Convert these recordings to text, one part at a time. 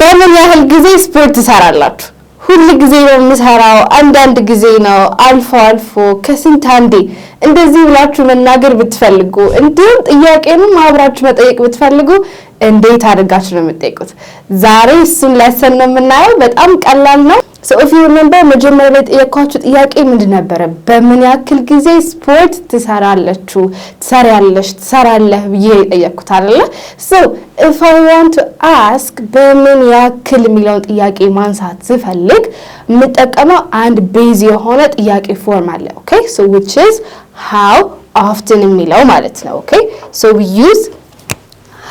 በምን ያህል ጊዜ ስፖርት ትሰራላችሁ? ሁል ጊዜ ነው የምሰራው፣ አንዳንድ ጊዜ ነው፣ አልፎ አልፎ፣ ከስንት አንዴ እንደዚህ ብላችሁ መናገር ብትፈልጉ እንዲሁም ጥያቄንም አብራችሁ መጠየቅ ብትፈልጉ እንዴት አድርጋችሁ ነው የምጠይቁት? ዛሬ እሱን ለሰን ነው የምናየው። በጣም ቀላል ነው። ሰው ኢፍ ዩ ሪሜምበር መጀመሪያ ላይ የጠየኳችሁ ጥያቄ ምንድን ነበረ? በምን ያክል ጊዜ ስፖርት ትሰራለችሁ ትሰሪያለሽ ትሰራለህ ብዬ የጠየቅኩት አይደለ? ሶ ኢፍ አይ ዋንት ቱ አስክ በምን ያክል የሚለውን ጥያቄ ማንሳት ስፈልግ የምጠቀመው አንድ ቤዝ የሆነ ጥያቄ ፎርም አለ። ኦኬ ሶ ዊች ኢዝ ሃው ኦፍትን የሚለው ማለት ነው። ኦኬ ሶ ዊ ዩዝ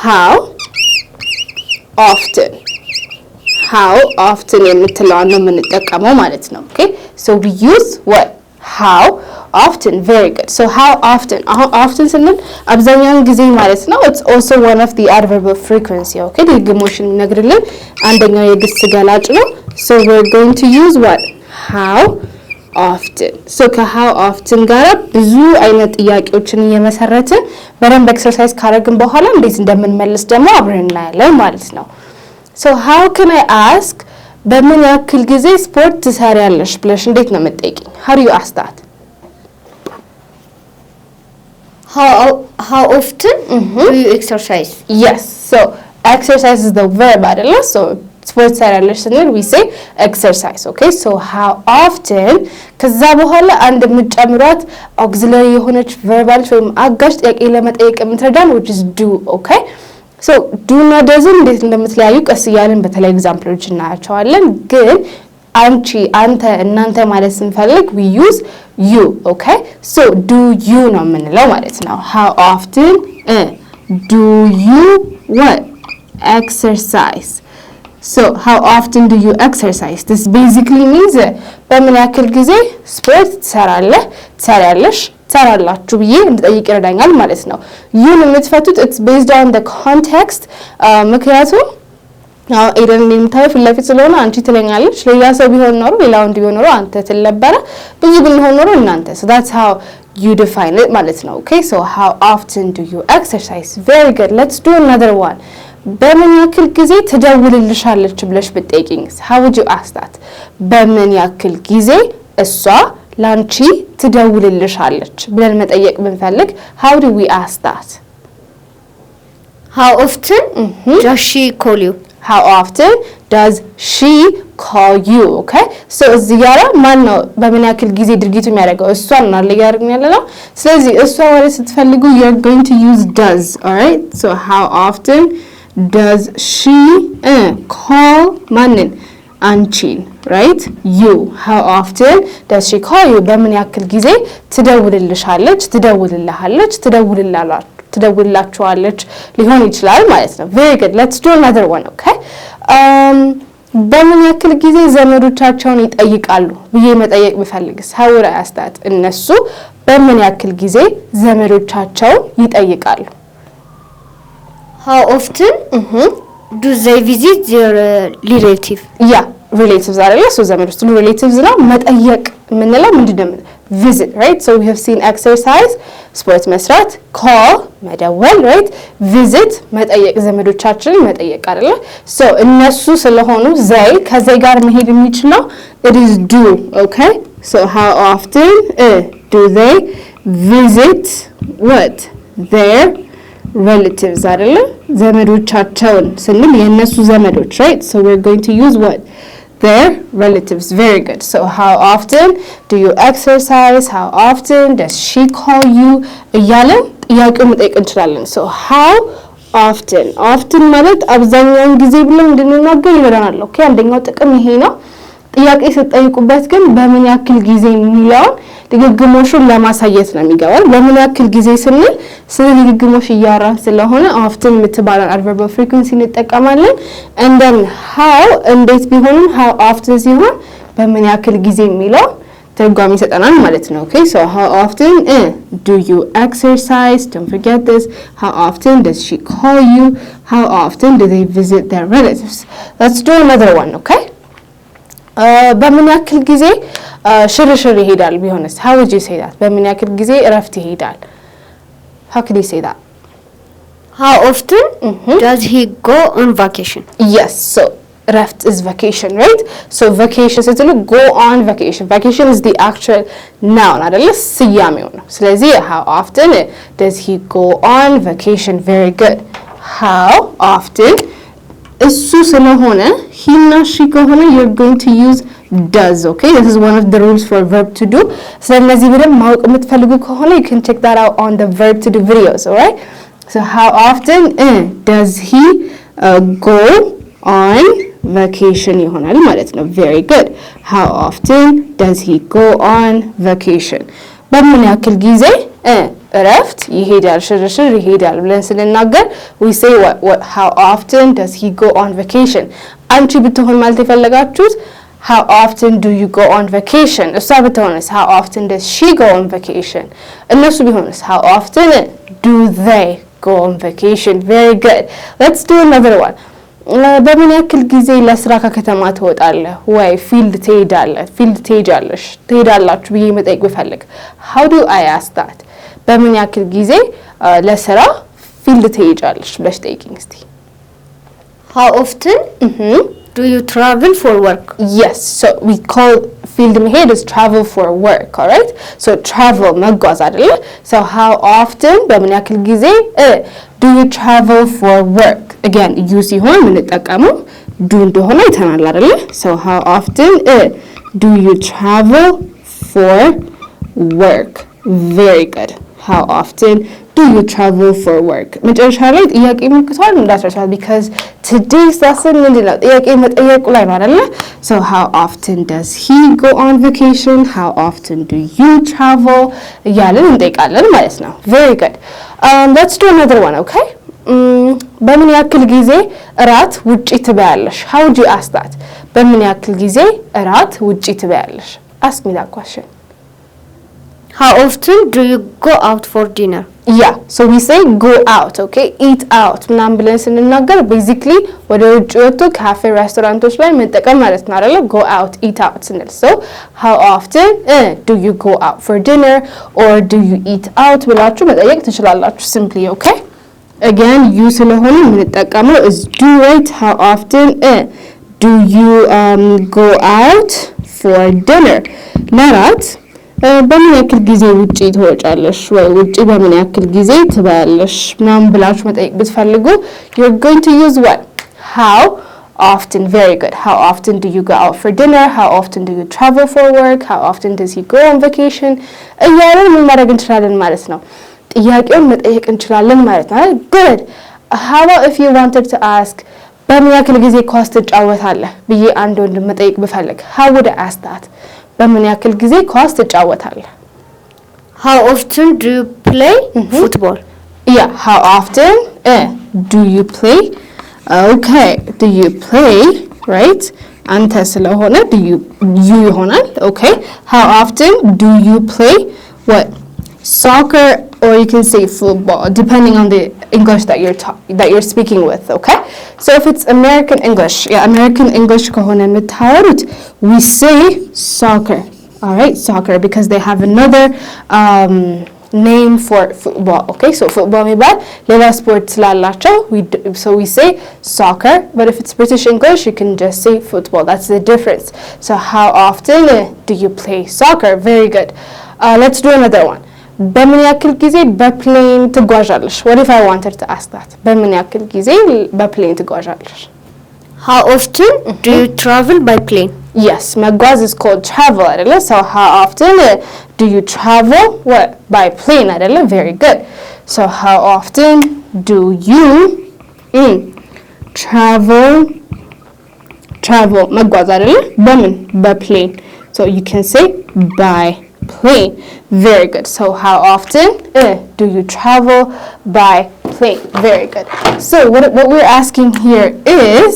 ሃው ኦፍትን ሃው ኦፍትን የምትለዋን ነው የምንጠቀመው ማለት ነው። ኦኬ ሶ ዊ ዩዝ ወት ሃው ኦፍትን ቬሪ ጉድ ሶ ሃው ኦፍትን አሁን ኦፍትን ስንል አብዛኛውን ጊዜ ማለት ነው። ኢትስ ኦልሶ ዋን ኦፍ ዲ አድቨርብ ኦፍ ፍሪኩዌንሲ ኦኬ ድግግሞሽን የሚነግርልን አንደኛው የግስ ገላጭ ነው። ሶ ዊ አር ጎይንግ ቱ ዩዝ ወት ሃው ኦፍትን ሶ ከሃው ኦፍትን ጋር ብዙ አይነት ጥያቄዎችን እየመሰረትን በደንብ ኤክሰርሳይዝ ካደረግን በኋላ እንዴት እንደምንመልስ ደግሞ አብረን እናያለን ማለት ነው። ሶ ሃው ከን አይ አስክ በምን ያክል ጊዜ ስፖርት ትሰሪያለሽ ብለሽ እንዴት ነው የምትጠይቂኝ? ሃው ዩ አስክ ዳት ሃው ኦፍትን ኤክሰርሳይዝ የስ ኤክሰርሳይዝ ኢዝ ዘ ቨርብ አይደለ? ስፖርት ትሰሪያለሽ ስንል ዊ ሴ ኤክሰርሳይዝ ኦኬ። ሶ ሃው ኦፍትን ከዛ በኋላ አንድ የምጨምሯት ኦግዚለሪ የሆነች ቨርብ አለች ወይም አጋዥ ጥያቄ ለመጠየቅ የምትረዳን ዊች ኢዝ ዱ ኦኬ ዱና ደዝን እንዴት እንደምትለያዩ ቀስ እያለን በተለይ ኤግዛምፕሎች እናያቸዋለን። ግን አንቺ፣ አንተ፣ እናንተ ማለት ስንፈልግ ዊ ዩዝ ዩ ኦኬ። ሶ ዱ ዩ ነው የምንለው ማለት ነው። ሃው ኦፍትን ዱ ዩ ኤክሰርሳይዝ ሃው ኦፍትን ዱ ዩ ኤክሰርሳይዝ ዲስ ቤዚክሊ ሚንዝ በምን ያክል ጊዜ ስፖርት ትሰራለህ ትሰሪያለሽ ትሰራላችሁ ብዬ እንድጠይቅ ይረዳኛል ማለት ነው። ይህን የምትፈቱት ኢትስ ቤዝድ ኦን ዘ ኮንቴክስት ምክንያቱም አሁን ኤደን የምታየው ፊት ለፊት ስለሆነ አንቺ ትለኛለች። ሌላ ሰው ቢሆን ኖሮ ሌላ ወንድ ቢሆን ኖሮ አንተ ትል ነበረ። ብዙ ብንሆን ኖሮ እናንተ ሶ ዳትስ ሃው ዩ ዲፋይን ማለት ነው። ኦኬ ሶ ሃው ኦፍትን ዱ ዩ ኤክሰርሳይዝ ቬሪ ጉድ ሌትስ ዱ አናዘር ዋን በምን ያክል ጊዜ ትደውልልሻለች ብለሽ ብጠይቅኝስ? ሀውጅ አስታት በምን ያክል ጊዜ እሷ ላንቺ ትደውልልሻለች ብለን መጠየቅ ብንፈልግ ሀው ዱ ዊ አስክ ሀው ኦፍትን ሺ ኮል ዩ? ሀው ኦፍትን ዳዝ ሺ ኮል ዩ? ኦኬ ሶ እዚህ ጋር ማን ነው በምን ያክል ጊዜ ድርጊቱ የሚያደርገው እሷ እና ለያርግ ያለ ነው። ስለዚህ እሷ ወደ ስትፈልጉ ዩ አር ጎይንግ ቱ ዩዝ ዳዝ ኦልራይት ሶ ሀው ኦፍትን ዳዝ ሺ ኮል ማንን? አንቺን ራይት ዩ ሃው ኦፍትን ዳዝ ሺ ኮል ዩ በምን ያክል ጊዜ ትደውልልሻለች፣ ትደውልልሃለች፣ ትደውልላችኋለች ሊሆን ይችላል ማለት ነው። ቬሪ ጉድ ሌትስ ዱ አናዘር ዋን ኦኬ። በምን ያክል ጊዜ ዘመዶቻቸውን ይጠይቃሉ ብዬ መጠየቅ ብፈልግስ? ሃው ውድ እነሱ በምን ያክል ጊዜ ዘመዶቻቸው ይጠይቃሉ? How often mm-hmm. do they visit their uh, ያ ሪሌቲቭዝ አለ ያ ሰው ዘመዶች ሁሉ ሪሌቲቭዝ ነው። መጠየቅ የምንለው ምንድነው? ቪዚት ራይት ሶ ዊ ሃቭ ሲን ኤክሰርሳይዝ ስፖርት መስራት፣ ኮል መደወል፣ ራይት ቪዚት መጠየቅ፣ ዘመዶቻችንን መጠየቅ አይደለ? ሶ እነሱ ስለሆኑ ዘይ ከዘይ ጋር መሄድ የሚችለው ኢት ኢዝ ዱ ኦኬ ሶ ሃው ኦፍትን ዱ ዘይ ቪዚት ወት ዜር ሬላቲቭስ አይደለ ዘመዶቻቸውን ስንል የእነሱ ዘመዶች ራይት ሶ ዌር ጎይንግ ቱ ዩዝ ዋት ዜር ሬላቲቭስ ቬሪ ጉድ ሶ ሃው ኦፍትን ዱ ዩ ኤክሰርሳይዝ ሃው ኦፍትን ደስ ሺ ኮል ዩ እያለን ጥያቄው መጠየቅ እንችላለን ሶ ሃው ኦፍትን ኦፍትን ማለት አብዛኛውን ጊዜ ብለን እንድንናገር ይረዳናል ኦኬ አንደኛው ጥቅም ይሄ ነው ጥያቄ ስትጠይቁበት ግን በምን ያክል ጊዜ የሚለውን ድግግሞሹን ለማሳየት ነው የሚገባል። በምን ያክል ጊዜ ስንል ስለ ድግግሞሽ እያወራን ስለሆነ ኦፍትን የምትባለን አድቨርብ ፍሪኩንሲ እንጠቀማለን። እንደን ሀው እንዴት ቢሆንም ሀው ኦፍትን ሲሆን በምን ያክል ጊዜ የሚለው ትርጓሚ ይሰጠናል ማለት ነው። ኦኬ ሶ ሃው ኦፍትን ዱ ዩ ኤክሰርሳይዝ ዶንት ፎርጌት ዲስ ሃው ኦፍትን ደዝ ሺ ኮል ዩ ሃው ኦፍትን ዱ ዜይ ቪዚት ዘር ሪሌቲቭስ ሌትስ ዱ አናዘር ዋን ኦኬ በምን ያክል ጊዜ ሽርሽር ይሄዳል? ቢሆንስ ሀው ውድ ዩ በምን ያክል ጊዜ እረፍት ይሄዳል? ሀው ክን ዩ ሀው ኦፍትን ዳዝ ሂ ጎ ኦን ቫኬሽን? የስ ሶ እረፍት ኢዝ ቫኬሽን ራይት ሶ ቫኬሽን ስትሉ ጎ ኦን ቫኬሽን ቫኬሽን ኢዝ ዲ አክቹዋል ናውን አይደለ ስያሜው ነው። ስለዚህ ሀው ኦፍትን ዳዝ ሂ ጎ ኦን ቫኬሽን ቬሪ ጉድ ሀው ኦፍትን እሱ ስለሆነ hina shiko ሆነ you're going to use does okay this is one of the rules for verb to do so በደንብ you can check that out on the verb to do videos all right so how often eh, does he uh, go on vacation ይሆናል ማለት very good how often does he go on vacation በምን ያክል ጊዜ እረፍት ይሄዳል we say what, what, how often does he go on vacation አንቺ ብትሆን ማለት የፈለጋችሁት ሃው ኦፍትን ዱ ዩ ጎ ኦን ቫኬሽን፣ እሷ ብትሆንስ ሃው ኦፍትን ደስ ሺ ጎ ኦን ቫኬሽን፣ እነሱ ቢሆንስ ሃው ኦፍትን ዱ ዘይ ጎ ኦን ቫኬሽን። ቬሪ ጉድ ሌትስ ዱ አናዘር ዋን። በምን ያክል ጊዜ ለስራ ከከተማ ትወጣለህ ወይ ፊልድ ትሄዳለህ ፊልድ ትሄጃለሽ ትሄዳላችሁ ብዬ መጠየቅ ብፈልግ ሃው ዱ አይ አስክ ዳት። በምን ያክል ጊዜ ለስራ ፊልድ ትሄጃለሽ ብለሽ ጠይቂኝ እስቲ። How often mm -hmm. do you travel for work? Yes, so we call ፊልድ መሄድ is travel for work, all right? So travel መጓዝ አይደለ? So how often በምን ያክል ጊዜ do you travel for work? Again, you ሲሆን የምንጠቀመው do እንደሆነ ይተናል አይደለ? So how often do you travel for work? Very good. How often ዱ ዩ ትራቨል ፎር ወርክ መጨረሻ ላይ ጥያቄ ምልክቷል እንዳትረሷት። ቢካዝ ቱዴይ ስታስብ ምንድን ነው ጥያቄ መጠየቁ ላይ ነው አይደለ? ሶ ሃው ኦፍትን ደዝ ሂ ጎ ኦን ቫኬሽን፣ ሃው ኦፍትን ዱ ዩ ትራቨል እያለን እንጠይቃለን ማለት ነው። ቬሪ ጉድ ሌትስ ዱ አናዘር ዋን ኦኬ። በምን ያክል ጊዜ እራት ውጪ ትበያለሽ? ሃው ዱ ዩ አስክ በምን ያክል ጊዜ እራት ውጪ ትበያለሽ? አስክ ሚ How often do you go out for dinner? ያ ሶ ዊ ሴይ ጎ አውት ኦኬ ኢት አውት ምናምን ብለን ስንናገር ቤዚክሊ ወደ ውጭ ወጥቶ ካፌ ሬስቶራንቶች ላይ መጠቀም ማለት ነው አይደለ? ጎ አውት ኢት አውት ስንል ሶ ሃው ኦፍትን ዱ ዩ ጎ አውት ፎር ዲነር ኦር ዱ ዩ ኢት አውት ብላችሁ መጠየቅ ትችላላችሁ። ሲምፕሊ ኦኬ አገን ዩ ስለሆነ የምንጠቀመው ኢዝ ዱ ራይት ሃው ኦፍትን ዱ ዩ ጎ አውት ፎር ዲነር ለራት በምን ያክል ጊዜ ውጪ ትወጫለሽ ወይ ውጪ በምን ያክል ጊዜ ትበያለሽ ምናምን ብላችሁ መጠየቅ ብትፈልጉ you're going to use what how often very good how often do you go out for dinner how often do you travel for work how often does he go on vacation እያለን ምን ማድረግ እንችላለን ማለት ነው ጥያቄውን መጠየቅ እንችላለን ማለት ነው good how about if you wanted to ask በምን ያክል ጊዜ ኳስ ትጫወታለህ ብዬ አንድ ወንድም መጠየቅ ብፈልግ how would I ask that how often do you play mm-hmm. football? yeah how often eh, do you play okay do you play right አንተ ስለሆነ do you you ይሆናል okay how often do you play what soccer or you can say football depending on the english that you're ta- that you're speaking with okay so if it's american english yeah american english we say soccer all right soccer because they have another um, name for football okay so football sports la ስፖርት ስላላቸው so we say soccer but if it's british english you can just say football that's the difference so how often eh, do you play soccer very good uh, let's do another one በምን ያክል ጊዜ በፕሌን ትጓዣለሽ? ወደ ኢፍ አይ ዋንትድ ቱ አስክ ዛት በምን ያክል ጊዜ በፕሌን ትጓዣለሽ? ሃው ኦፍትን ዱ ዩ ትራቭል ባይ ፕሌን? የስ መጓዝ ኢዝ ኮልድ ትራቭል አይደለ? ሶ ሃው ኦፍትን ዱ ዩ ትራቭል ባይ ፕሌን አይደለ? ቬሪ ጉድ ሶ ሃው ኦፍትን ዱ ዩ ትራቭል ትራቭል መጓዝ አይደለ? በምን በፕሌን ሶ ዩ ካን ሴይ ባይ ፕሌን very good so how often uh, do you travel by plane very good so what, what we're asking here is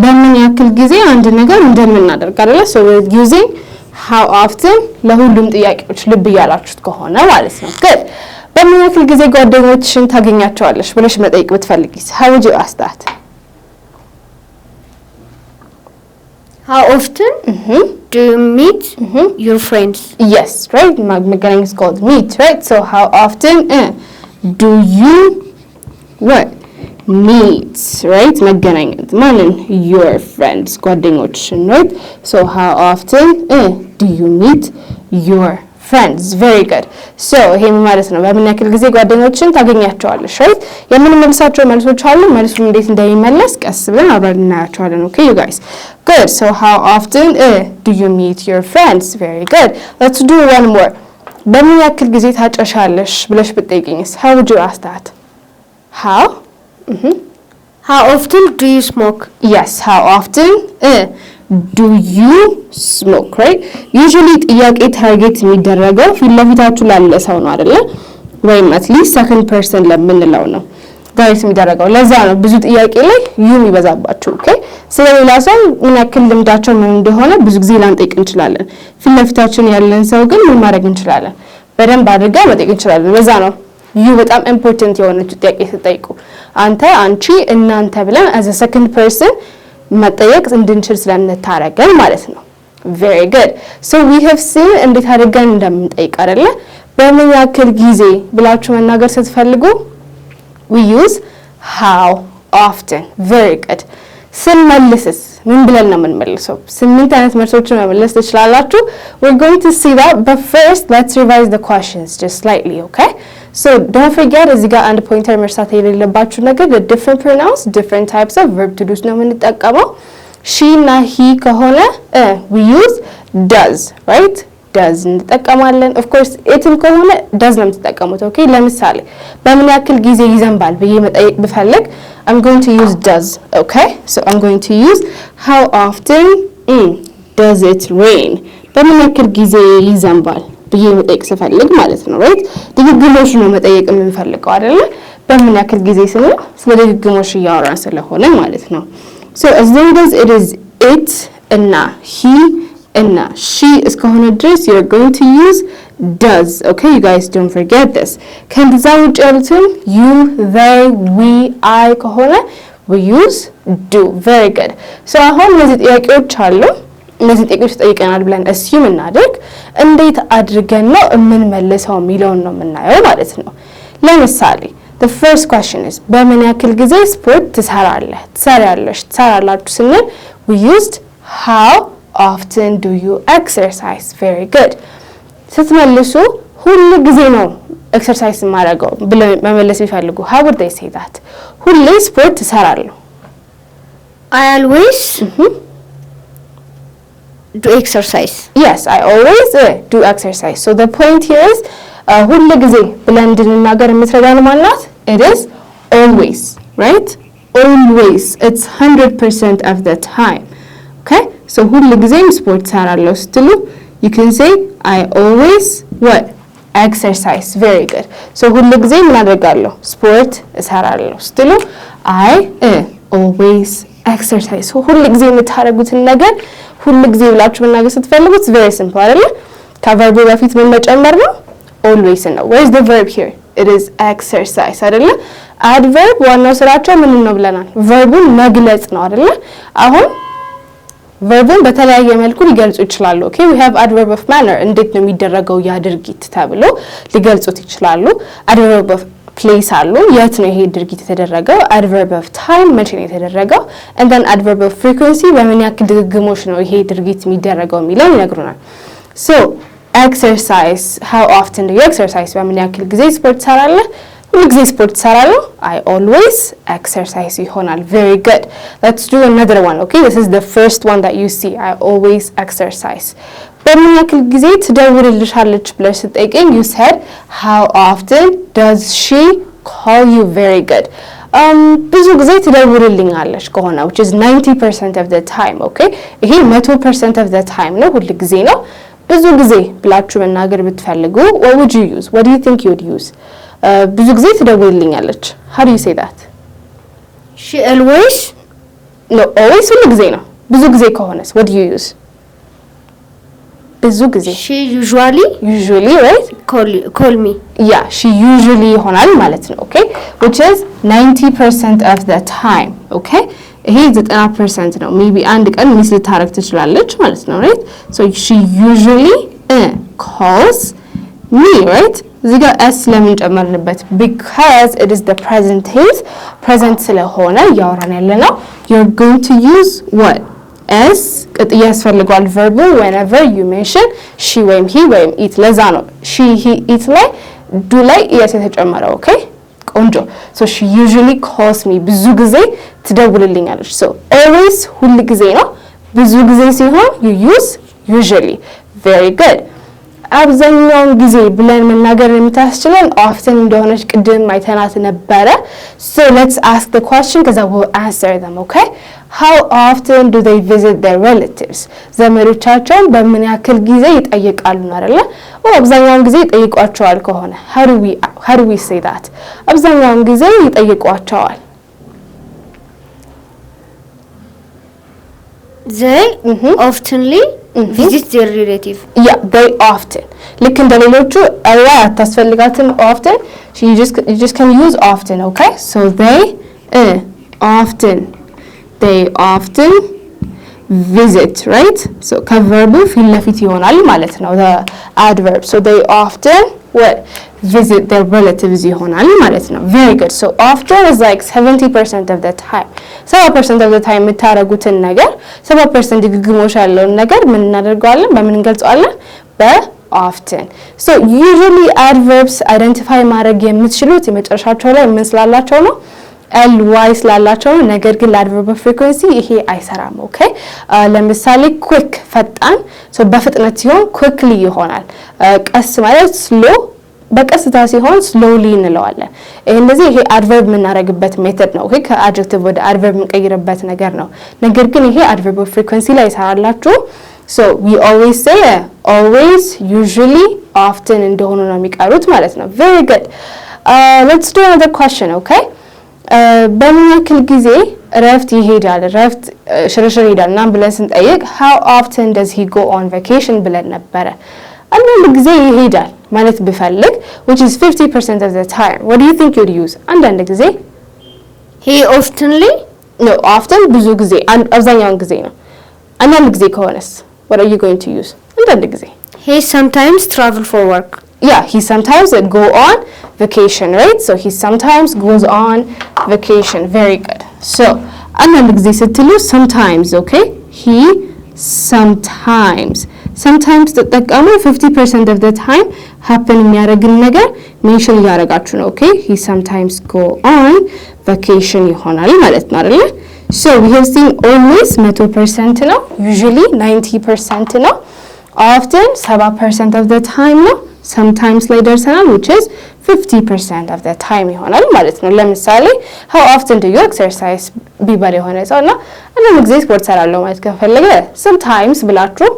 በምን ያክል ጊዜ አንድ ነገር እንደምናደርግ አይደለ so we're using how often ለሁሉም ጥያቄዎች ልብ እያላችሁት ከሆነ ማለት ነው good በምን ያክል ጊዜ ጓደኞችሽን ታገኛቸዋለሽ ብለሽ መጠየቅ ብትፈልጊስ how would you ask that how often mm -hmm. Do you meet mm -hmm. your friends? Yes, right? Magaling is called meet, right? So how often uh, do you what? Meet, right? መገናኝ morning Your friends, ጓደኞችን, right? So how often uh, do you meet your ፍሬንድስ ቬሪ ጉድ ሶ ይሄም ማለት ነው በምን ያክል ጊዜ ጓደኞችን ታገኛቸዋለሽ? ራይት የምንመልሳቸው መልሶች አሉ። መልሱ እንዴት እንደሚመለስ ቀስ ብለን አብረን እናያቸዋለን። ኦኬ ዩ ጋይስ ጉድ ሶ ሃው ኦፍትን ዱ ዩ ሚት ዮር ፍሬንድስ ቬሪ ጉድ ሌትስ ዱ ዋን ሞር በምን ያክል ጊዜ ታጨሻለሽ ብለሽ ብትጠይቂኝስ? ሃው ዱ ዩ አስክ ዛት ሃው ሃው ኦፍትን ዱ ዩ ስሞክ? የስ ሃው ኦፍትን ዱ ዩ ስሞክ ራይት። ዩዥሊ ጥያቄ ታርጌት የሚደረገው ፊት ለፊታችሁ ላለ ሰው ነው አይደለ? ወይም አትሊስት ሰከንድ ፐርሰን ለምንለው ነው ዳይሬክት የሚደረገው። ለዛ ነው ብዙ ጥያቄ ላይ ዩ የሚበዛባቸው። ኦኬ፣ ስለሌላ ሰው ምን ያክል ልምዳቸው ምን እንደሆነ ብዙ ጊዜ ላንጠይቅ እንችላለን። ፊት ለፊታችን ያለን ሰው ግን ምን ማድረግ እንችላለን? በደንብ አድርጋ መጠየቅ እንችላለን። ለዛ ነው ዩ በጣም ኢምፖርተንት የሆነችው ጥያቄ ስትጠይቁ፣ አንተ፣ አንቺ፣ እናንተ ብለን አዘ ሰከንድ ፐርሰን መጠየቅ እንድንችል ስለምታረገን ማለት ነው። ቬሪ ጉድ ሶ ዊ ሀቭ ሲን እንዴት አድርገን እንደምንጠይቅ አይደለ? በምን ያክል ጊዜ ብላችሁ መናገር ስትፈልጉ ዊ ዩዝ ሃው ኦፍትን። ቬሪ ጉድ ስንመልስስ ምን ብለን ነው የምንመልሰው? ስምንት አይነት መልሶችን መመለስ ትችላላችሁ። ዊ አር ጎይንግ ቱ ሲ ዛት በት ሌትስ ሪቫይዝ ዘ ኳስችንስ ጀስት ስላይትሊ ኦኬ ሶ ዶንት ፎርጌት እዚህ ጋር አንድ ፖይንተር መርሳት የሌለባችሁ ነገር ለዲፍረንት ፕሮናውንስ ዲፍረንት ታይፕስ ኦፍ ቨርብ ቱ ዱስ ነው የምንጠቀመው። ሺ እና ሂ ከሆነ ዊ ዩዝ ዳዝ ራይት ዳዝ እንጠቀማለን። ኦፍኮርስ ኢትም ከሆነ ደዝ ነው የምትጠቀሙት። ኦኬ ለምሳሌ በምን ያክል ጊዜ ይዘንባል ብዬ መጠየቅ ብፈልግ አም ጎይንግ ቱ ዩዝ ዳዝ። ኦኬ ሶ አም ጎይንግ ቱ ዩዝ ሃው ኦፍትን ዳዝ ኢት ሬን። በምን ያክል ጊዜ ይዘንባል ብዬ መጠየቅ ስፈልግ ማለት ነው ራይት ድግግሞሽ ነው መጠየቅ የምንፈልገው አይደለ? በምን ያክል ጊዜ ስለ ስለ ድግግሞሽ እያወራን ስለሆነ ማለት ነው። ሶ as long as it is it እና ሂ እና ሺ እስከሆነ ድረስ you are going to use does okay you guys don't forget this ውጭ ያሉትም ዩ ዘይ ዊ አይ ከሆነ we use do very good so አሁን እነዚህ ጥያቄዎች አሉ እነዚህ ጥያቄዎች ጠይቀናል ብለን እሱ የምናደርግ እንዴት አድርገን ነው የምንመልሰው የሚለውን ነው የምናየው ማለት ነው። ለምሳሌ ፈርስት question is በምን ያክል ጊዜ ስፖርት ትሰራለህ ትሰሪያለሽ ትሰራላችሁ ስንል we used ሃው often do you exercise very good ስትመልሱ ሁል ጊዜ ነው ኤክሰርሳይዝ የማደርገው ብለው መመለስ ቢፈልጉ ሃው ውድ ሁሌ ስፖርት ትሰራለሁ አይ Do exercise. Yes, I always uh, do exercise. So the point here is uh, ሁል ብለን እንድንናገር የምትረዳን ማናት? It is always, right? Always. It's 100% of the time. Okay? So ሁል ጊዜም ስፖርት ሰራለሁ ስትሉ you can say I always what? Exercise. Very good. So ሁል ጊዜ ምን አደርጋለሁ? ስፖርት እሰራለሁ ስትሉ I uh, always ኤክሰርሳይዝ ሁል ጊዜ የምታደርጉትን ነገር ሁል ጊዜ ብላችሁ መናገር ስትፈልጉት ቬሪ ሲምፕል አይደለ? ከቨርቡ በፊት ምን መጨመር ነው? ኦልዌይስ ነው። ዌር ኢዝ ዘ ቨርብ ሂር? ኢት ኢዝ ኤክሰርሳይዝ አይደለ? አድቨርብ ዋናው ስራቸው ምን ነው ብለናል? ቨርቡን መግለጽ ነው አይደለ? አሁን ቨርቡን በተለያየ መልኩ ሊገልጹ ይችላሉ። ኦኬ ዊ ሃቭ አድቨርብ ኦፍ ማነር፣ እንዴት ነው የሚደረገው ያ ድርጊት ተብሎ ሊገልጹት ይችላሉ። አድቨርብ ኦፍ ፕሌስ አሉ። የት ነው ይሄ ድርጊት የተደረገው? አድቨርብ ኦፍ ታይም መቼ ነው የተደረገው? እንደን አድቨርብ ኦፍ ፍሪኩዌንሲ በምን ያክል ድግግሞች ነው ይሄ ድርጊት የሚደረገው የሚለው ይነግሩናል። ሶ ኤክሰርሳይዝ ሃው ኦፍትን ዱ ዩ ኤክሰርሳይዝ፣ በምን ያክል ጊዜ ስፖርት ትሰራለህ? ሁሉ ጊዜ ስፖርት ትሰራለህ። አይ ኦልዌይስ ኤክሰርሳይዝ ይሆናል። ቬሪ ጉድ ሌትስ ዱ አናዘር ዋን ኦኬ ዚስ ኢዝ ዘ ፈርስት ዋን ዛት ዩ ሲ አይ ኦልዌይስ ኤክሰርሳይዝ በምን ያክል ጊዜ ትደውልልሻለች ብለሽ ስጠይቀኝ ዩ ሰድ ሃው ኦፍትን ዶዝ ሺ ኮል ዩ ቨሪ ጉድ ብዙ ጊዜ ትደውልልኛለች ከሆነ ዊች ኢዝ 90 ፐርሰንት ኦፍ ታይም ኦኬ ይሄ 100 ፐርሰንት ኦፍ ታይም ነው ሁል ጊዜ ነው ብዙ ጊዜ ብላችሁ መናገር ብትፈልጉ ወት ዩ ዩዝ ወት ዱ ዩ ዩዝ ብዙ ጊዜ ትደውልልኛለች ሃው ዱ ዩ ሴይ ዳት ሺ ኦልዌይስ ኖ ሁሉ ጊዜ ነው ብዙ ጊዜ ከሆነስ ወት ዩ ዩዝ ብዙ ጊዜ ሺ ዩዥዋሊ ዩዥዋሊ ራይት ኮል ሚ ያ ሺ ዩዥዋሊ ይሆናል ማለት ነው። ኦኬ which is 90% of the time ኦኬ ይሄ 90% ነው። ሜይ ቢ አንድ ቀን ሚስ ልታረግ ትችላለች ማለት ነው። ራይት ሶ ሺ ዩዥዋሊ ኮልስ ሚ ራይት እዚህ ጋር ኤስ ለምን ጨመርንበት? ቢካዝ ኢት is the ፕሬዘንት ስለሆነ እያወራን ያለ ነው you're going ቱ ዩዝ what ኤስ ቅጥያ ያስፈልገዋል ቨርቡ ዌንኤቨር ዩ ሜንሽን ሺ ወይም ሂ ወይም ኢት። ለዛ ነው ሺ ሂ ኢት ላይ ዱ ላይ ኤስ የተጨመረው። ኦኬ ቆንጆ። ሶ ሺ ዩዥዋሊ ኮልስ ሚ ብዙ ጊዜ ትደውልልኛለች። ሶ ኦልዌይስ ሁል ጊዜ ነው። ብዙ ጊዜ ሲሆን ዩ ዩዝ ዩዥዋሊ። ቬሪ ጉድ አብዛኛውን ጊዜ ብለን መናገር የምታስችለን ኦፍተን እንደሆነች ቅድም አይተናት ነበረ። ሶ ሌትስ አስክ ዘ ኳስችን ከዛ ዊል አንሰር ዘም ኦኬ ሃው ኦፍተን ዱ ዘይ ቪዚት ዘር ሬላቲቭስ ዘመዶቻቸውን በምን ያክል ጊዜ ይጠይቃሉ ነው አይደለ? አብዛኛውን ጊዜ ይጠይቋቸዋል ከሆነ ሃው ዱ ዊ ሴይ ዛት አብዛኛውን ጊዜ ይጠይቋቸዋል ዘይ ኦፍተንሊ mm-hmm. ያ ቬሪ ኦፍትን ልክ እንደ ሌሎቹ ያ አታስፈልጋትም። ኦፍትን ን ዩዝ ኦፍትን ኦኬ ኦፍትን ኦፍትን ቪዚት ራይት ከቨርቡ ፊት ለፊት ይሆናል ማለት ነው አድቨርብ ኦፍትን visit their relatives ይሆናል ማለት ነው። very good so after is like 70% of the time 70% of the time የምታረጉትን ነገር 70% ድግግሞሽ ያለውን ነገር ምን እናደርገዋለን? በምን እንገልጸዋለን? often so usually adverbs identify ማድረግ የምትችሉት የመጨረሻቸው ላይ ምን ስላላቸው ነው ኤል ዋይ ስላላቸው ነገር ግን ለአድቨርብ ፍሪኩዌንሲ ይሄ አይሰራም። ኦኬ ለምሳሌ ኩክ ፈጣን፣ በፍጥነት ሲሆን ኩክሊ ይሆናል። ቀስ ማለት ስሎ በቀስታ ሲሆን ስሎሊ እንለዋለን። ይህ እንደዚህ ይሄ አድቨርብ የምናደርግበት ሜተድ ነው። ይሄ ከአድጀክቲቭ ወደ አድቨርብ የምንቀይርበት ነገር ነው። ነገር ግን ይሄ አድቨርብ ፍሪኩንሲ ላይ ይሰራላችሁ። ሶ ዊ ኦልዌይስ ሴይ ኦልዌይስ፣ ዩዥሊ፣ ኦፍትን እንደሆኑ ነው የሚቀሩት ማለት ነው። ቬሪ ጉድ ሌትስ ዱ አናዘር ኳሽን ኦኬ። በምን ያክል ጊዜ እረፍት ይሄዳል፣ እረፍት uh, ሽርሽር ይሄዳል ምናምን ብለን ስንጠይቅ ሃው ኦፍትን ደዝ ሂ ጎ ኦን ቫኬሽን ብለን ነበረ። አንዳንድ ጊዜ ይሄዳል ማለት ብፈልግ which is 50% of the time what do you think you'd use አንዳንድ ጊዜ he oftenly no often ብዙ ጊዜ አብዛኛውን ጊዜ ነው አንዳንድ ጊዜ ከሆነስ what are you going to use አንዳንድ ጊዜ he sometimes travel for work yeah he sometimes go on vacation right so he sometimes goes on vacation very good so አንዳንድ ጊዜ ስትሉ sometimes okay he sometimes ሰምታይምስ ተጠቀሙ 50% of the time happen የሚያደርግን ነገር ሜንሽን እያደረጋችሁ ነው። ኦኬ he sometimes go on vacation ይሆናል ማለት ነው አይደለ? so we seen always 100% ነው usually 90% ነው often 70% of the time ነው sometimes ላይ ደርሰናል which is 50% of the time ይሆናል ማለት ነው። ለምሳሌ how often do you exercise ቢባል የሆነ ሰው እና አንዳንድ ጊዜ ስፖርት ሰራለሁ ማለት ከፈለገ sometimes ብላችሁ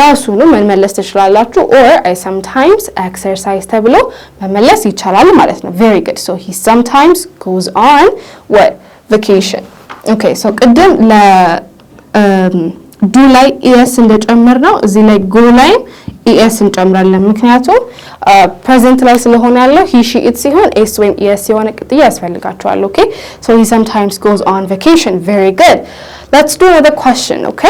ራሱኑ መመለስ ትችላላችሁ። ኦር አይ ሰምታይምስ ኤክሰርሳይዝ ተብሎ መመለስ ይቻላል ማለት ነው። ቬሪ ጉድ ሶ ሂ ሰምታይምስ ጎዝ ኦን ወት ቫኬሽን። ኦኬ ሶ ቅድም ለዱ um, ላይ ኢኤስ e እንደጨመር ነው እዚህ ላይ ጎ ላይም ኢኤስ e እንጨምራለን። ምክንያቱም ፕሬዘንት uh, ላይ ስለሆነ ያለው ሂ ሺ ኢት ሲሆን ኤስ e ወይም ኢኤስ የሆነ ቅጥያ ያስፈልጋቸዋል። ኦኬ ሶ ሂ ሰምታይምስ ጎዝ ኦን ቫኬሽን። ቬሪ ጉድ ሌትስ ዱ አናዘር ኳስችን ኦኬ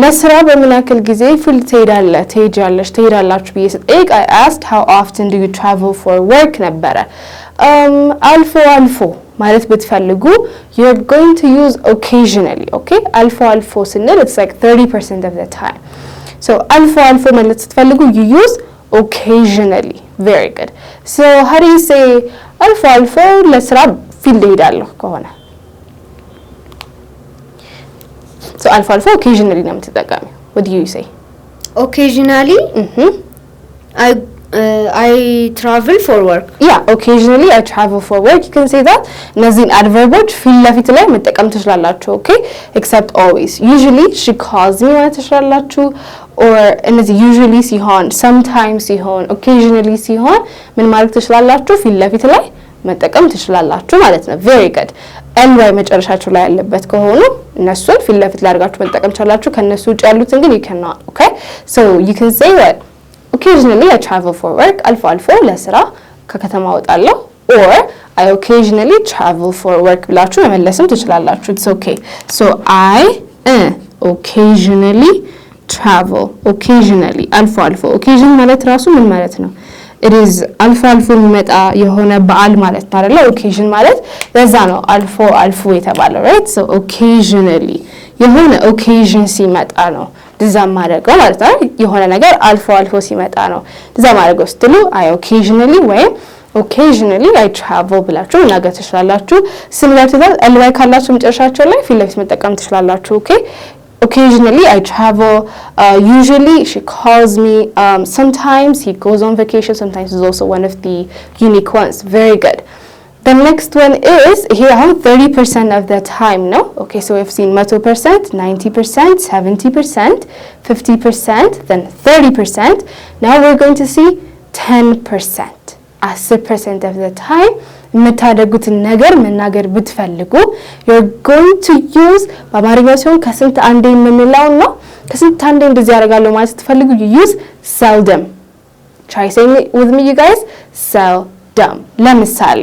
ለስራ በምን ያክል ጊዜ ፊልድ ትሄዳለህ ትሄጃለሽ ትሄዳላችሁ ብዬ ስጠይቅ አይ አስክድ ሃው ኦፍትን ዱ ዩ ትራቨል ፎር ወርክ ነበረ። አልፎ አልፎ ማለት ብትፈልጉ ዩ አር ጎይንግ ቱ ዩዝ ኦኬዥናሊ። ኦኬ አልፎ አልፎ ስንል ኢትስ ላይክ 30 ፐርሰንት ኦፍ ዘ ታይም። ሶ አልፎ አልፎ ማለት ስትፈልጉ ዩ ዩዝ ኦኬዥናሊ። ቬሪ ጉድ ሶ ሀው ዱ ዩ ሴይ አልፎ አልፎ ለስራ ፊልድ እሄዳለሁ ከሆነ አልፎ አልፎ ኦኬዥናሊ ነው የምትጠቀሚው። ወድ ዩ ሴይ ኦኬዥናሊ አይ ትራቭል ፎር ወርክ ያ ኦኬዥናሊ አይ ትራቭል ፎር ወርክ ዩ ካን ሴይ ዛት። እነዚህን አድቨርቦች ፊት ለፊት ላይ መጠቀም ትችላላችሁ። ኦኬ ኤክሰፕት ኦልዌይስ ዩዥሊ ሺ ካዝ ሚ ማለት ትችላላችሁ። ኦር እነዚህ ዩዥሊ ሲሆን፣ ሰምታይምስ ሲሆን፣ ኦኬዥናሊ ሲሆን ምን ማድረግ ትችላላችሁ? ፊት ለፊት ላይ መጠቀም ትችላላችሁ ማለት ነው። ቬሪ ጉድ ቀን ላይ መጨረሻቸው ላይ ያለበት ከሆኑ እነሱን ፊት ለፊት ላይ መጠቀም ቻላችሁ። ከእነሱ ውጭ ያሉትን ግን ይከና ኦኬ ሶ ዩ ካን ሴይ ዋት ኦኬዥናሊ አይ ትራቨል ፎር ወርክ አልፎ አልፎ ለስራ ከከተማ ወጣለሁ ኦር አይ ኦኬዥናሊ ትራቨል ፎር ወርክ ብላችሁ መመለስም ትችላላችሁ። ኢትስ ኦኬ ሶ አይ ኦኬዥናሊ ትራቨል ኦኬዥናሊ አልፎ አልፎ ኦኬዥን ማለት ራሱ ምን ማለት ነው? ኢዝ አልፎ አልፎ የሚመጣ የሆነ በዓል ማለት አይደለ? ኦኬዥን ማለት ለዛ ነው አልፎ አልፎ የተባለው ራይት። ሶ ኦኬዥናሊ የሆነ ኦኬዥን ሲመጣ ነው ድዛ ማድረገው ማለት ነው። የሆነ ነገር አልፎ አልፎ ሲመጣ ነው ድዛ ማድረገው ስትሉ አይ ኦኬዥናሊ ወይም ኦኬዥናሊ አይ ትራቭል ብላችሁ መናገር ትችላላችሁ። ስም ላይ ትእዛዝ አልባይ ካላችሁ መጨረሻቸው ላይ ፊት ለፊት መጠቀም ትችላላችሁ። ኦኬ occasionally I travel. Uh, usually she calls me. Um, sometimes he goes on vacation. Sometimes he's also one of the unique ones. Very good. The next one is here I'm 30% of the time, no? Okay, so we've seen metal percent, 90%, 70%, 50%, then 30%. Now we're going to see 10%. as the percent of the time. የምታደርጉትን ነገር መናገር ብትፈልጉ you're going to use በአማርኛው ሲሆን ከስንት አንዴ የምንለው ነው። ከስንት አንዴ እንደዚህ ያደርጋለሁ ማለት ስትፈልጉ you use seldom try saying it with me you guys ለምሳሌ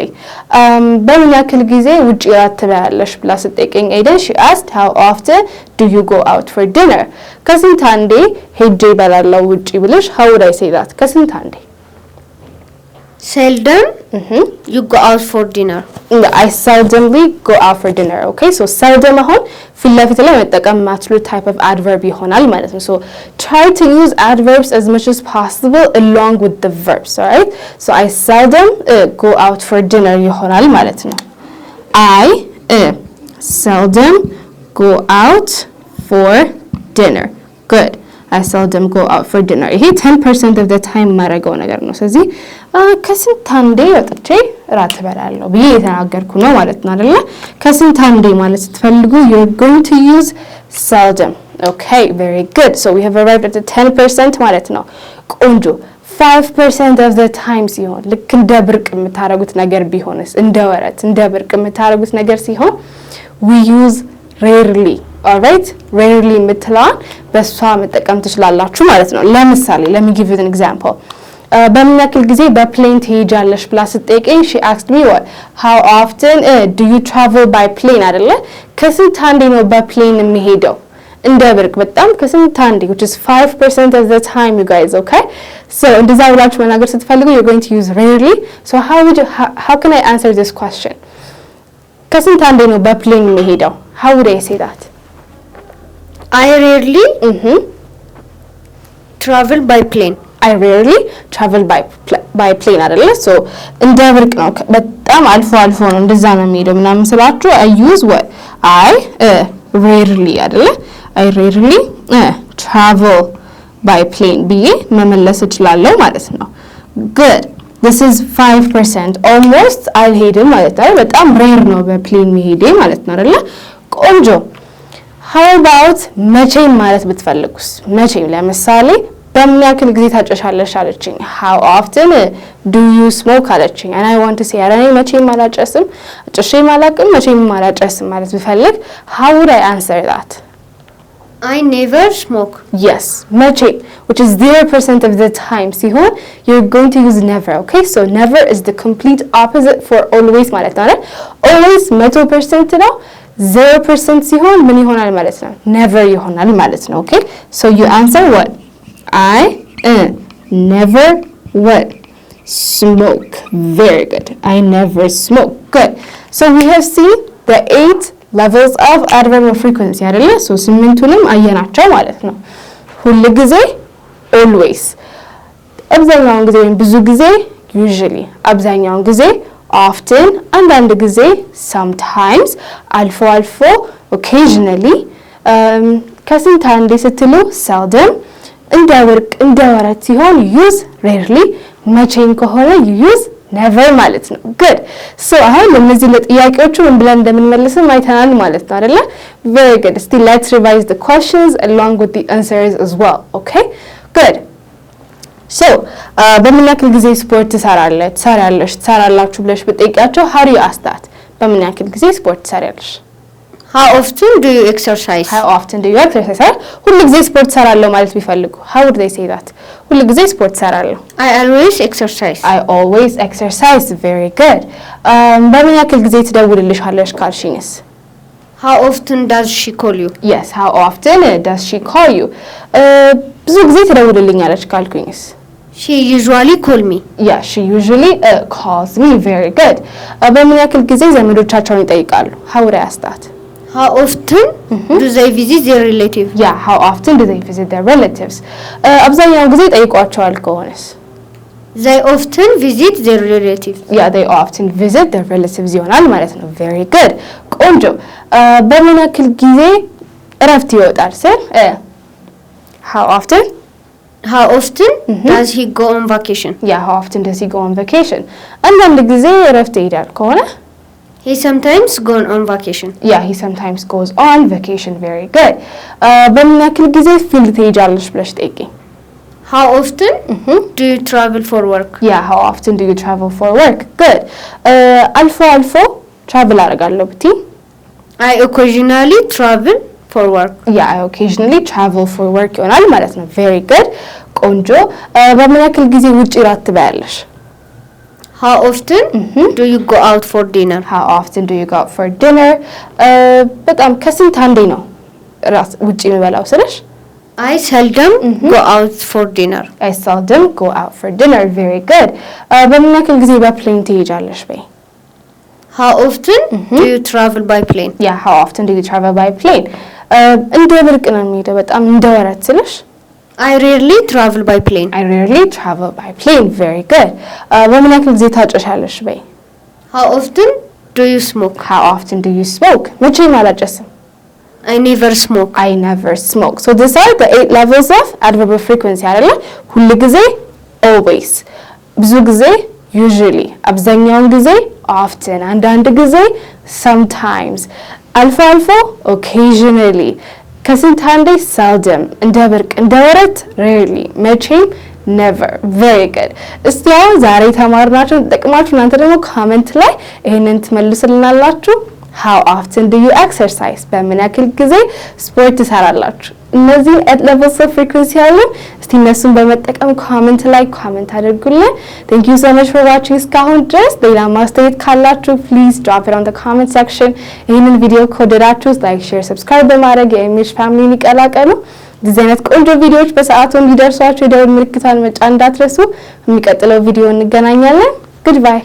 um, በምን ያክል ጊዜ ውጪ እራት ትበያለሽ ብላ ስትጠይቀኝ ኤደን she asked how often do you go out for dinner ከስንት አንዴ ሄጄ እበላለሁ ውጪ ብለሽ how would I say that ከስንት አንዴ Seldom mm -hmm. you go out for dinner. I seldomly go out for dinner. Okay, so seldom አሁን ፊት ለፊት with the type of adverb you ማለት So try to use adverbs as much as possible along with the verbs. All right. So I seldom uh, go out for dinner I uh, seldom go out for dinner. Good. አይ ሰልደም ጎ አውት ፎር ዲነር። ይሄ 10% ኦፍ ዘ ታይም የማደርገው ነገር ነው። ስለዚህ ከስንት አንዴ ወጥቼ እራት እበላለሁ ብዬ የተናገርኩ ነው ማለት ነው አይደለ? ከስንት አንዴ ማለት ስትፈልጉ you are going to use seldom. okay very good so we have arrived at the 10% ማለት ነው ቆንጆ 5% of the time ሲሆን ልክ እንደ ብርቅ የምታደርጉት ነገር ቢሆንስ እንደ ወረት እንደ ብርቅ የምታደርጉት ነገር ሲሆን we use rarely ኦልራይት ሬርሊ የምትለዋን በእሷ መጠቀም ትችላላችሁ ማለት ነው። ለምሳሌ ለሚጊቭን ኤግዛምፕል uh, በምን ያክል ጊዜ በፕሌን ትሄጃለሽ ብላ ስትጠይቀኝ ሺ አክስድ ሚ ሃው ኦፍትን ዱ ዩ ትራቨል ባይ ፕሌን አይደለ? ከስንት አንዴ ነው በፕሌን የሚሄደው እንደ ብርቅ በጣም ከስንት አንዴ which is 5% of the time you guys okay so እንደዛ ብላችሁ መናገር ስትፈልጉ you're going to use rarely so how would you, how, how can I answer this question ከስንት አንዴ ነው በፕሌን የሚሄደው how would I say that አይ ሬርሊ ትራቨል ባይ ፕሌን አይ ሬርሊ ትራቨል ባይ ፕሌን አይደለ? ሶ እንደ ብርቅ ነው። በጣም አልፎ አልፎ ነው እንደዛ ነው የሚሄደው ምናምን ስላችሁ አይ ዩዝ አይ ሬርሊ አይደለ? አይ ሬርሊ ትራቨል ባይ ፕሌን ብዬ መመለስ እችላለሁ ማለት ነው። ግድ ዚስ ኢዝ ፋይቭ ፐርሰንት ኦልሞስት አልሄድም ማለት ነው። በጣም ሬር ነው በፕሌን መሄዴ ማለት ነው አይደለ? ቆንጆ ሀው ባውት መቼም ማለት ብትፈልጉስ? መቼም ለምሳሌ በምን ያክል ጊዜ ታጨሻለሽ አለችኝ። ሀው ኦፍትን ዱ ዩ ስሞክ አለችኝ። አና ዋንት ሴ ያረኔ መቼም አላጨስም፣ ጭሼም አላቅም፣ መቼም አላጨስም ማለት ብፈልግ ሀው ውድ አይ አንሰር ዛት? አይ ኔቨር ስሞክ የስ መቼም ዊች ኢዝ ዜሮ ፐርሰንት ኦፍ ዘ ታይም ሲሆን ዩር ጎይንግ ቱ ዩዝ ነቨር ኦኬ ሶ ነቨር ኢዝ ዘ ኮምፕሊት ኦፖዚት ፎር ኦልዌይስ ማለት ነው አይደል? ኦልዌይስ መቶ ፐርሰንት ነው። ዜሮ ፐርሰንት ሲሆን ምን ይሆናል ማለት ነው? ነቨር ይሆናል ማለት ነው። ኦኬ ሶ ዩ አንሰር ወት አይ ነቨር ወት ስሞክ ቬሪ ጉድ አይ ነቨር ስሞክ ጉድ ሶ ዊ ሃቭ ሲን ዘ ኤይት ሌቨልስ ኦፍ አድቨርብ ኦፍ ፍሪኩዌንሲ አይደለ? ሶ ስምንቱንም አየናቸው ማለት ነው። ሁል ጊዜ ኦልዌይስ፣ አብዛኛውን ጊዜ ወይም ብዙ ጊዜ ዩዥሊ፣ አብዛኛውን ጊዜ ኦፍትን አንዳንድ ጊዜ ሳምታይምስ አልፎ አልፎ ኦኬዥናሊ um, ከስንት አንዴ ስትሉ ሰልደም እንደ ወርቅ እንደ ወረት ሲሆን ዩዝ ሬርሊ መቼም ከሆነ ዩዝ ነቨር ማለት ነው። ግድ ሶ አሁን እነዚህ ለጥያቄዎቹ ምን ብለን እንደምንመልስም አይተናል ማለት ነው አይደለ? ቨሪ ግድ እስቲ ሌትስ ሪቫይዝ ዘ ኩዌስችንስ አሎንግ ዊዝ ዘ አንሰርስ አዝ ዌል ኦኬ ግድ Uh, በምን ያክል ጊዜ ስፖርት ትሰራለህ ትሰራለሽ ትሰራላችሁ ብለሽ ብጠይቂያቸው ሀሪ አስታት በምን ያክል ጊዜ ስፖርት ትሰሪያለሽ? ሀው ኦፍትን ዱ ዩ ኤክሰርሳይዝ ሀው ኦፍትን ዱ ዩ ኤክሰርሳይዝ ሁሉ ጊዜ ስፖርት ትሰራለሁ ማለት ቢፈልጉ ሀው ውድ ዜይ ሴይ ዛት ሁሉ ጊዜ ስፖርት ትሰራለሁ። አይ ኦልዌይስ ኤክሰርሳይዝ አይ ኦልዌይስ ኤክሰርሳይዝ ቬሪ ጉድ። በምን ያክል ጊዜ ትደውልልሻለሽ ካልሽኝስ? ብዙ ጊዜ ትደውልልኛለች ካልኩኝስ? በምን ያክል ጊዜ ዘመዶቻቸውን ይጠይቃሉ? አብዛኛውን ጊዜ ጠይቋቸዋል ከሆነስ? ይሆናል ማለት ነው። ቆንጆ። በምን ያክል ጊዜ እረፍት ይወጣል ስል ሀው ኦፍትን ሀው ኦፍትን ዳዝ ሂ ጎ ኦን ቫኬሽን ያ ሀው ኦፍትን ዳዝ ሂ ጎ ኦን ቫኬሽን። አንዳንድ ጊዜ እረፍት ይሄዳል ከሆነ ሂ ሰምታይምስ ጎን ኦን ቫኬሽን ያ ሂ ሰምታይምስ ጎዝ ኦን ቫኬሽን። ቬሪ ጉድ። በምን ያክል ጊዜ ፊልድ ትሄጃለሽ ብለሽ ጠይቂኝ። ሀው ኦፍትን ዱ ዩ ትራቭል ፎር ወርክ ያ ሀው ኦፍትን ዱ ዩ ትራቭል ፎር ወርክ። ጉድ። አልፎ አልፎ ትራቭል አደርጋለሁ ብቲ አይ ኦኬዥናሊ ትራቭል ፎር ወርክ ያ አይ ኦኬዥናሊ ትራቭል ፎር ወርክ ይሆናል ማለት ነው። ቬሪ ጉድ ቆንጆ። በምን ያክል ጊዜ ውጭ ራት ትበያለሽ? ሀው ኦፍትን ዱ ዩ ጎ አውት ፎር ዲነር? ሀው ኦፍትን ዱ ዩ ጎ አውት ፎር ዲነር? በጣም ከስንት አንዴ ነው ራት ውጭ የሚበላው ስለሽ አይ ሰልደም ጎ አውት ፎር ዲነር። አይ ሰልደም ጎ አውት ፎር ዲነር። ቬሪ ጉድ። በምን ያክል ጊዜ በፕሌን ትሄጃለሽ በይ ሀው ኦፍትን ዱ ዩ ትራቨል ባይ ፕሌን? ያ ሀው ኦፍትን ዱ ዩ ትራቨል ባይ ፕሌን? እንደ ብርቅ ነው የሚሄደው። በጣም እንደ ወረት ስልሽ አይ ሬርሊ ትራቨል ባይ ፕሌን። አይ ሬርሊ ትራቨል ባይ ፕሌን። ቬሪ ጉድ። በምን ያክል ጊዜ ታጨሻለሽ? በይ ሀው ኦፍትን ዱ ዩ ስሞክ? ሀው ኦፍትን ዱ ዩ ስሞክ? መቼም አላጨስም። አይ ኔቨር ስሞክ። አይ ኔቨር ስሞክ። ሶ ዲስ አር ዘ ኤይት ሌቨልስ ኦፍ አድቨርብ ፍሪኩዌንሲ አይደለ? ኦልዌይስ፣ ብዙ ጊዜ ዩዥሊ አብዛኛውን ጊዜ ኦፍትን፣ አንዳንድ ጊዜ ሰምታይምስ፣ አልፎ አልፎ ኦኬዥናሊ፣ ከስንት አንዴ ሰልደም፣ እንደ ብርቅ እንደ ወረት ሬርሊ፣ መቼም ኔቨር። ቬሪ ጉድ። እስቲ አሁን ዛሬ ተማርናችሁ ተጠቅማችሁ እናንተ ደግሞ ካመንት ላይ ይህንን ትመልስልናላችሁ። ሃው ኦፍትን ዱ ዩ ኤክሰርሳይዝ፣ በምን ያክል ጊዜ ስፖርት ትሰራላችሁ? እነዚህ ኤት ሌቨልስ ኦፍ ፍሪኩንሲ ያሉ እስቲ እነሱን በመጠቀም ኮመንት ላይ ኮመንት አድርጉልን። ቴንክ ዩ ሶ መች ፎር ዋቺንግ እስካሁን ድረስ። ሌላ ማስተያየት ካላችሁ ፕሊዝ ድሮፕ ኢት ኦን ዘ ኮመንት ሴክሽን። ይህንን ቪዲዮ ከወደዳችሁት ላይክ፣ ሼር፣ ሰብስክራይብ በማድረግ የኤምኤች ፋሚሊን ይቀላቀሉ። እንደዚህ አይነት ቆንጆ ቪዲዮዎች በሰዓቱ እንዲደርሷችሁ የደወል ምልክቷን መጫን እንዳትረሱ። የሚቀጥለው ቪዲዮ እንገናኛለን። ጉድባይ